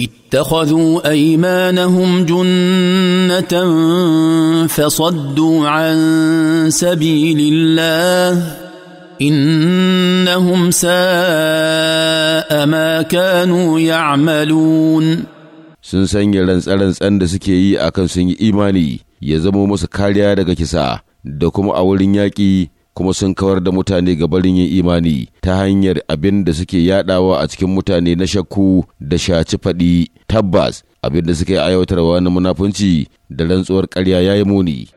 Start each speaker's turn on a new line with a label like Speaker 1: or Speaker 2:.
Speaker 1: اتخذوا ايمانهم جنه فصدوا عن سبيل الله انهم ساء ما كانوا يعملون
Speaker 2: sun sanya rantsa da suke yi akan sun yi imani ya zamo musu kariya daga kisa da kuma a wurin yaƙi kuma sun kawar da mutane ga barin yin imani ta hanyar abin da suke yadawa a cikin mutane na shakku da shaci faɗi tabbas abin da suke aiwatarwa na munafunci da rantsuwar karya ya yi
Speaker 3: muni